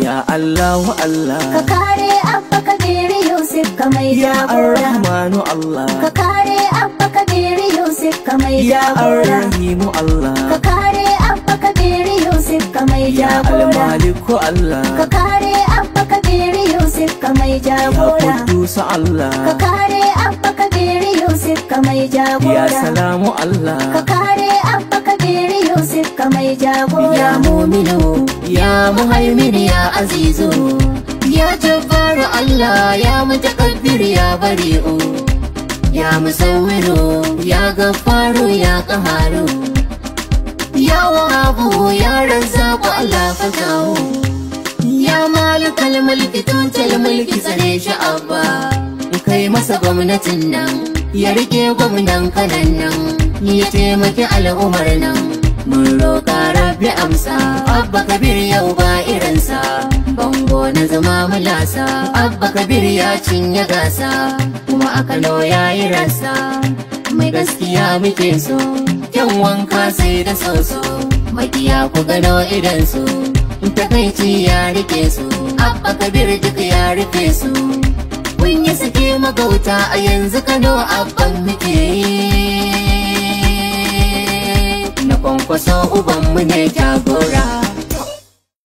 ya Allah, wa Allah ka kare abba kabiri yusuf ka mai ya arrahmanu Allah ka kare abba kabiri yusuf ka mai ya arrahimu Allah ka kare abba kabiri yusuf ka mai ya almaliku Allah ka kare abba kabiri yusuf ka mai jagora ya qudus Allah ka kare abba kabiri yusuf ka mai jagora ya salamu Allah ka kare abba kabiri yusuf ka mai jagora muminu ya muhaimin ya azizu ya jabbaru Allah ya mutakabbir ya bari'u ya musawwiru ya gaffaru ya qaharu ya wahabu ya razzaqu Allah fatahu ya malikal mulki tutal mulki sane shi abba kai masa gwamnatin nan ya rike gwamnan kanan nan ya taimaki al'umar nan mun roƙa abba kabir yau ba irinsa bango na zama mulasa abba kabir ya cinye gasa kuma a kano ya yi rasa mai gaskiya muke so yan wanka sai da soso makiya ku gano idansu takaici ya rike su abba kabir duk ya rufe su kun yi suke magauta a yanzu kano abban muke yi na kwankwaso ubanmu ne jagora